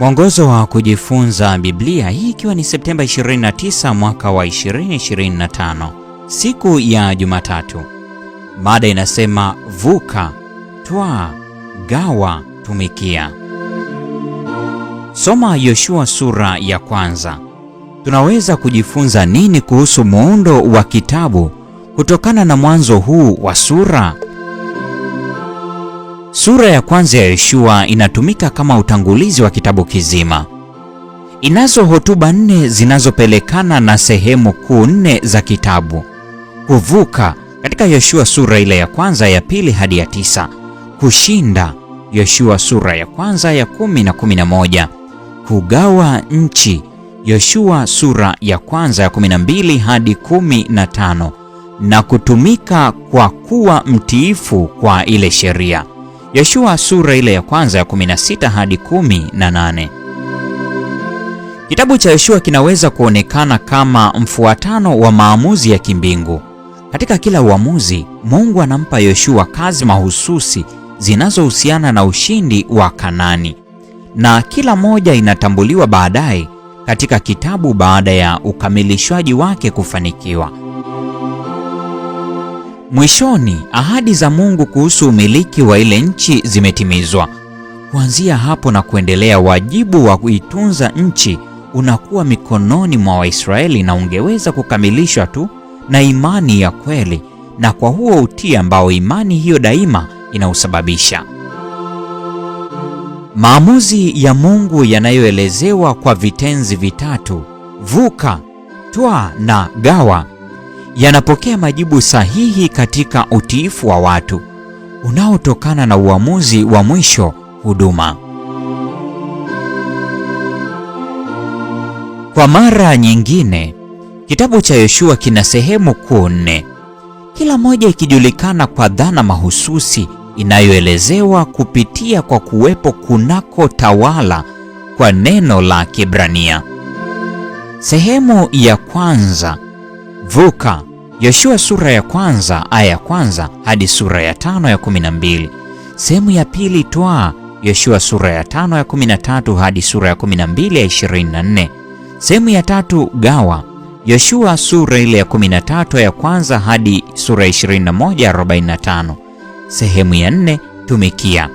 Mwongozo wa kujifunza Biblia, hii ikiwa ni Septemba 29 mwaka wa 2025, siku ya Jumatatu. Mada inasema vuka, twaa, gawa, tumikia. Soma Yoshua sura ya kwanza. Tunaweza kujifunza nini kuhusu muundo wa kitabu kutokana na mwanzo huu wa sura? Sura ya kwanza ya Yoshua inatumika kama utangulizi wa kitabu kizima. Inazo hotuba nne zinazopelekana na sehemu kuu nne za kitabu: kuvuka katika Yoshua sura ile ya kwanza, ya pili hadi ya tisa; kushinda Yoshua sura ya kwanza ya kumi na kumi na moja; kugawa nchi Yoshua sura ya kwanza ya kumi na mbili hadi kumi na tano; na kutumika kwa kuwa mtiifu kwa ile sheria. Yoshua sura ile ya kwanza ya 16 hadi 18. Kitabu cha Yoshua kinaweza kuonekana kama mfuatano wa maamuzi ya kimbingu. Katika kila uamuzi, Mungu anampa Yoshua kazi mahususi zinazohusiana na ushindi wa Kanani, na kila moja inatambuliwa baadaye katika kitabu baada ya ukamilishwaji wake kufanikiwa. Mwishoni, ahadi za Mungu kuhusu umiliki wa ile nchi zimetimizwa. Kuanzia hapo na kuendelea, wajibu wa kuitunza nchi unakuwa mikononi mwa Waisraeli na ungeweza kukamilishwa tu na imani ya kweli na kwa huo utii ambao imani hiyo daima inausababisha. Maamuzi ya Mungu yanayoelezewa kwa vitenzi vitatu: vuka, twaa na gawa yanapokea majibu sahihi katika utiifu wa watu unaotokana na uamuzi wa mwisho huduma. Kwa mara nyingine, kitabu cha Yoshua kina sehemu kuu nne, kila moja ikijulikana kwa dhana mahususi inayoelezewa kupitia kwa kuwepo kunako tawala kwa neno la Kibrania. Sehemu ya kwanza Vuka Yoshua sura ya kwanza aya ya kwanza hadi sura ya tano ya kumi na mbili. Sehemu ya pili twaa Yoshua sura ya tano ya kumi na tatu hadi sura ya kumi na mbili ya ishirini na nne. Sehemu ya tatu gawa Yoshua sura ile ya kumi na tatu ya kwanza hadi sura ya ishirini na moja ya arobaini na tano. Sehemu ya nne tumikia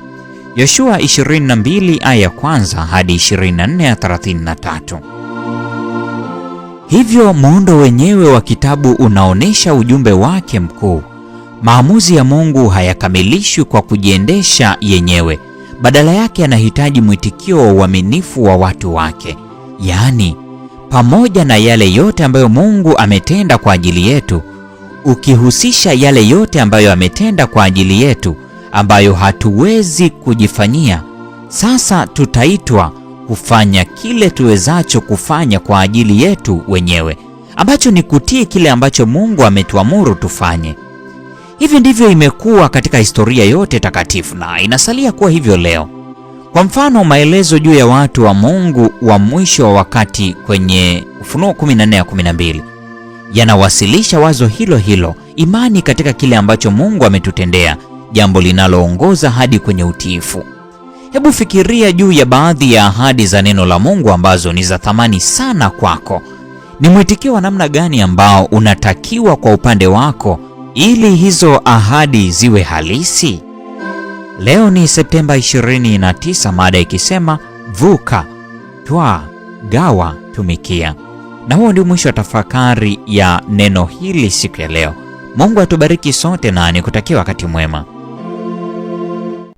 Yoshua 22 aya ya kwanza hadi 24 ya 33. Hivyo muundo wenyewe wa kitabu unaonesha ujumbe wake mkuu. Maamuzi ya Mungu hayakamilishwi kwa kujiendesha yenyewe, badala yake yanahitaji mwitikio wa uaminifu wa watu wake, yaani pamoja na yale yote ambayo Mungu ametenda kwa ajili yetu, ukihusisha yale yote ambayo ametenda kwa ajili yetu ambayo hatuwezi kujifanyia, sasa tutaitwa kufanya kile tuwezacho kufanya kwa ajili yetu wenyewe, ambacho ni kutii kile ambacho Mungu ametuamuru tufanye. Hivi ndivyo imekuwa katika historia yote takatifu na inasalia kuwa hivyo leo. Kwa mfano, maelezo juu ya watu wa Mungu wa mwisho wa wakati kwenye Ufunuo 14:12 yanawasilisha wazo hilo hilo, imani katika kile ambacho Mungu ametutendea, jambo linaloongoza hadi kwenye utiifu. Hebu fikiria juu ya baadhi ya ahadi za neno la Mungu ambazo ni za thamani sana kwako. Ni mwitikio wa namna gani ambao unatakiwa kwa upande wako ili hizo ahadi ziwe halisi? Leo ni Septemba 29, mada ikisema vuka, twaa, gawa, tumikia. Na huo ndio mwisho wa tafakari ya neno hili siku ya leo. Mungu atubariki sote na nikutakia wakati mwema.